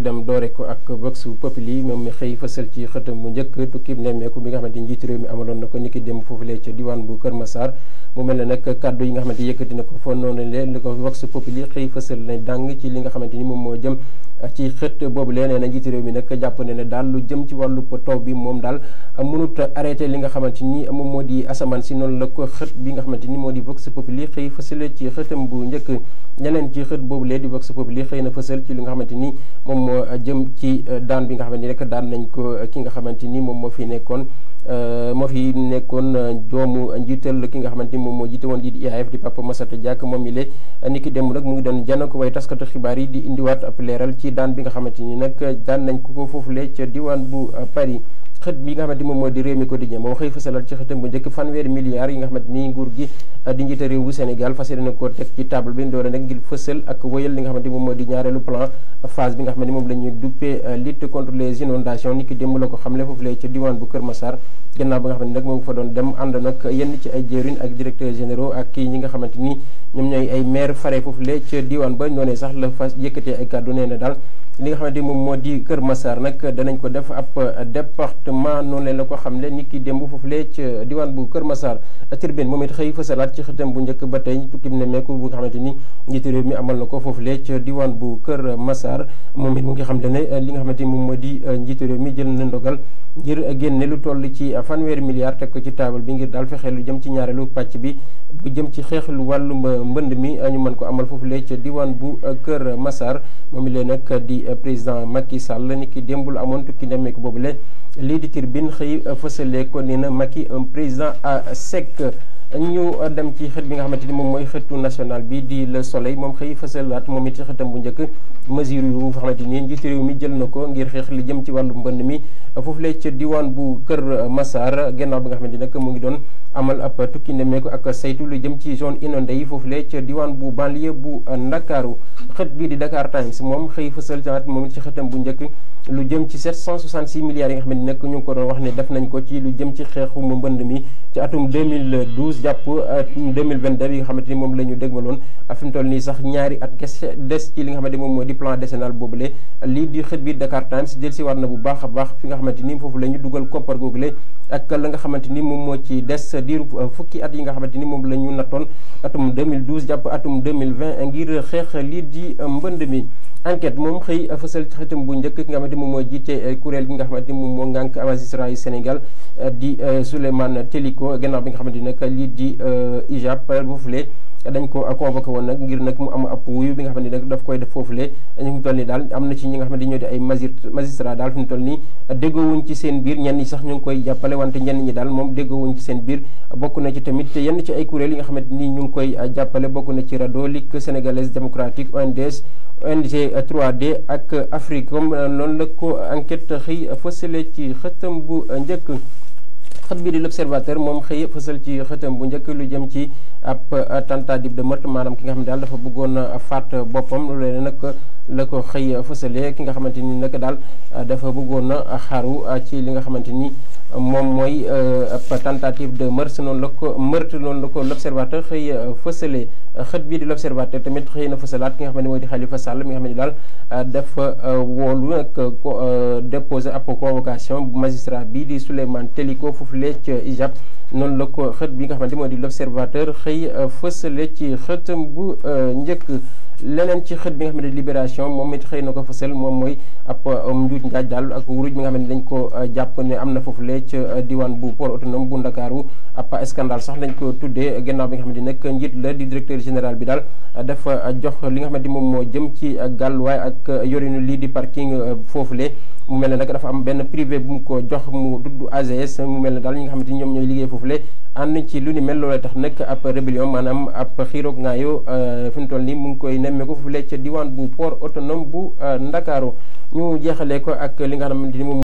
dem doore ko ak vox populi moom mi xëy fësal ci xëtam bu njëkk tukkib nemmeeku bi nga xamante ni njiitu réew mi amaloon na ko ni ki dem foofulee ca diwaan bu Kër Massar mu mel ne nag kàddu yi nga xamante yëkkati na ko fa noonu li ko vox populi xëy fësal na dàng ci li nga xamante ni moom moo jëm ci xët boobu lee a na réew mi nag jàpp na ne daal lu jëm ci wàllu taw bi moom daal mënut arrêté li nga xamante ni moom moo di asamaan si noonu la ko xët bi nga xamante ni moo di vox populi xëy fësale ci xëtam bu njëkk ñeneen ci xët boobu lee di vox populi xëy na fësal ci li nga xamante ni moom moo jëm ci daan bi nga xamante ni rek daan nañ ko ki nga xamante ni moom moo fi nekkoon Euh, moo fi nekkoon euh, doomu njiital ki nga xamante ni moom moo jiite woon di IAAF di Papa Massata Diack moom mi le euh, ni ki démb nag mu ngi doon jànn ko way taskatu xibaar yi di indiwaat ab leeral ci daan bi nga xamante ni nag daan nañ ko ko foofulee ca diwaan bu Paris xët bi nga xamante moom moo di réew mi quotidien moom xëy fasalal ci xëtam bu njëkk fanweeri milliards yi nga xamante ni nguur gi eh, di njiite réew bu Sénégal fas yéene ko teg ci table bi doole nag ngir fësal ak wëyal li nga xamante moom moo di ñaareelu plan phase bi nga xamante moom la ñuy duppee eh, lutte contre les inondations ni ki démb la ko xamle foofu lay ca diwaan bu Kër Massar gannaaw ba nga xam ne nag moo fa doon dem ànd nag yenn ci ay jëriñ ak directeurs généraux ak kii ñi nga xamante ni ñoom ñooy ay maire fare foofu le ca diwaan ba ñoo ne sax la fa yëkkatee ay kàddu nee na daal li nga xamante ni moom moo di Kër Massar nag danañ ko def ab département noonu leen la ko xam le nit ki démb foofu le ca diwaan bu Kër Massar tribune moom it xëy fësalaat ci xëtam bu njëkk ba tey tukkim ne meeku bu nga xamante ni njiitu réew mi amal na ko foofu le ca diwaan bu Kër Massar moom it mu ngi xam ne li nga xamante ni moom moo di njiitu réew mi jël na ndogal ngir génne lu toll ci fanweeri milliards teg ko ci taabal bi ngir daal fexee lu jëm ci ñaareelu pàcc bi bu jëm ci xeex lu wàllum euh, mbënd mi ñu mën ko amal foofu lee ca diwaan bu euh, Kër masar moom i leen nag di euh, président Macky Sall ni ki démbul amoon tukki nemmeeku boobu le lii di Tribune xëy fësalee ko nee na Macky un président à sec ñu dem ci xët bi nga xamante ni moom mooy xëtu national bi di le soleil moom xëy fësalaat moom it ci xëtam bu njëkk mesure yu nga xamante ni njiitu réew mi na ko ngir xeex li jëm ci wàllu mbënd mi foofu la ca diwaan bu Kër Massar gannaaw bi nga xamante ni mu ngi doon amal ab tukki nemmeeku ak saytu lu jëm ci zone inondée yi foofu la ca diwaan bu banlieue bu Ndakaaru xët bi di dakaar Times moom xëy fësalaat moom it ci xëtam bu njëkk lu jëm ci 766 milliards yi nga xamante ni nag ñu ko doon wax ni def nañ ko ci lu jëm ci xeexu mbënd mi ci atum jàpp 2022 euh, yi nga xamante ni moom la ñu dégmaloon fi mu toll nii sax ñaari at kese des ci li nga xamante moom moo di plan décennal boobule lii di xët bi Dakar Times dellusi waat na bu baax a baax fi nga xamante ni foofu la ñu dugal koppar googule ak la nga xamante ni moom moo ci des diiru euh, fukki at yi nga xamante ni moom la ñu nattoon atum 2012 jàpp atum 2020 ngir xeex lii di euh, mbënd mi enquête moom xëy fësal ci xëtam bu njëkk ki nga xamante moom moo jiite eh, kuréel gi nga xamante moom moo ngànk magistrat yu Sénégal eh, di eh, Souleymane Teliko gannaaw bi nga xamante nag lii di IJAP foofule dañ ko convoqué woon nag ngir nag mu am ab wuyu bi nga xam ne nag daf koy def foofulee ñu mu toll nii daal am na ci ñi nga xam ne ñoo di ay magi magistrat daal fi mu toll nii déggoowuñ ci seen biir ñenn ñi sax ñu ngi koy jàppale wante ñenn ñi daal moom déggoowuñ ci seen biir bokk na ci tamit yenn ci ay kuréel yi nga xamante ni ñu ngi koy jàppale bokk na ci RADDHO Ligue sénégalaise démocratique ONDS ONG 3 de ak Africom noonu la ko enquête xëy fësale ci xëtam bu njëkk xët bi di l'observateur moom xëy fësal ci xëtam bu njëkk lu jëm ci ab tentative de meurtre maanaam ki nga xam ne daal dafa bëggoon faat boppam leen nag la ko xëy fësalee ki nga xamante ni nag daal dafa bëggoon xaru ci li nga xamante ni moom mooy euh, ab tentative de meurtre noonu la ko meurtre noonu la ko l'observateur xëy euh, fësale xët bi di l'observateur tamit xëy na fësalaat ki nga xam ne mooy di Khalifa Sall mi nga xam ne daal euh, dafa woolu nag déposer ab convocation magistrat bii di Souleymane Teliko foofulee ca IJAP noonu la ko xët bi nga xam xamante mooy di l'observateur xëy fësale ci xëtam bu njëkk leneen ci xët bi nga xam ne libération moom it xëy na ko fësal moom mooy ab um, njuuj njaaj daal ak wuruj bi nga xam ne dañ ko uh, jàpp ne am na foofu lee ca uh, diwaan bu port autonome bu ndakaaru ab scandale sax lañ ko tuddee gannaaw bi nga xamante ne nag njiit la di directeur général bi daal uh, dafa jox li nga xam ne moom moo jëm ci gàlluwaay ak yorinu lii di parking foofule mu mel ne nag dafa am benn privé bu mu ko jox mu dudd AGS mu mel ne daal ñi nga xamante ñoom ñooy liggéey foofule ànd ci lu ni mel loola tax nag ab rébellion maanaam ab xiiroog ngaayo euh, fi mu mu ngi koy nemmeeku foofule ca diwaan bu port autonome bu euh, Ndakaaru ñu jeexalee ko ak li nga xamante ni moom